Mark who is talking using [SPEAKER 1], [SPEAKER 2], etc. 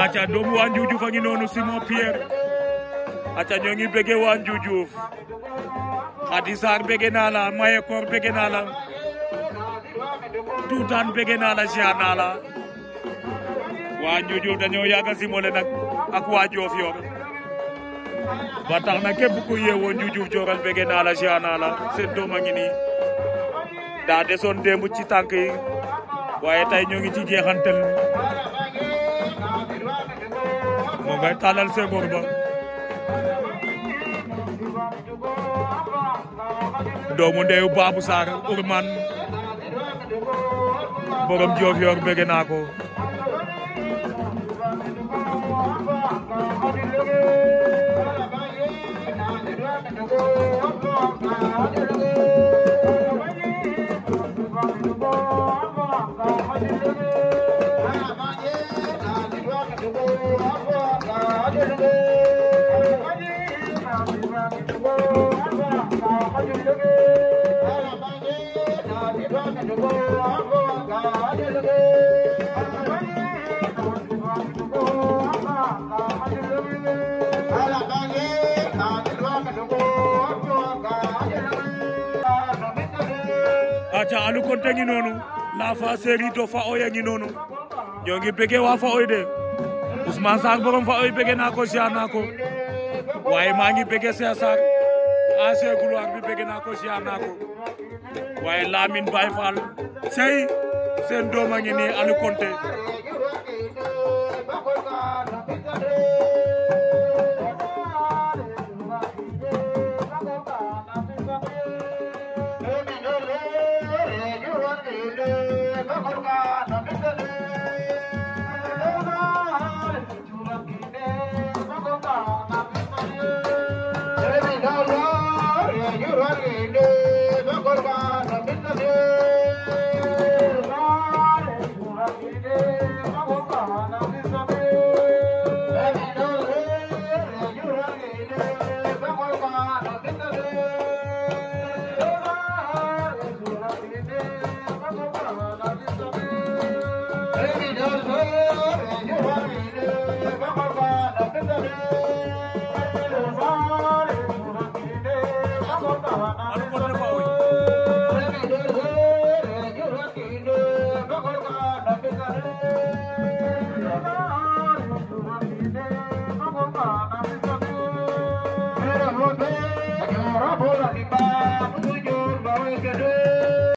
[SPEAKER 1] Acha domu wanjuju Njuujuuf nonu simo pier. Acha nyongi bege wanjuju. Hadisar bege nala, mayekor bege Sarr Tutan bege nala, Maye nala. Wanjuju naa la Tuutaan bëgge naa aku ziar naa la simole na ke buku ye wanjuju joran bege nala, la nala. naa mangini. demu Waya tay nyongi ngay taalal sengoor ba doomu ndeyu Babou Sarr Ourmane borom joof yor bëgg naa ko acca alu konte ngi noonu laa fa série to fa oya ngi noonu ñoo ngi bege waa fa oy de ousmane sang borom fa oy bege naa ko siya naa ko Wai mangi ngi bëgg Cheikh Sarr gulu couloir bi bëgg naa ko siyaar lamin ko fal, Lamine Baye Fall sey anu konte. Come on,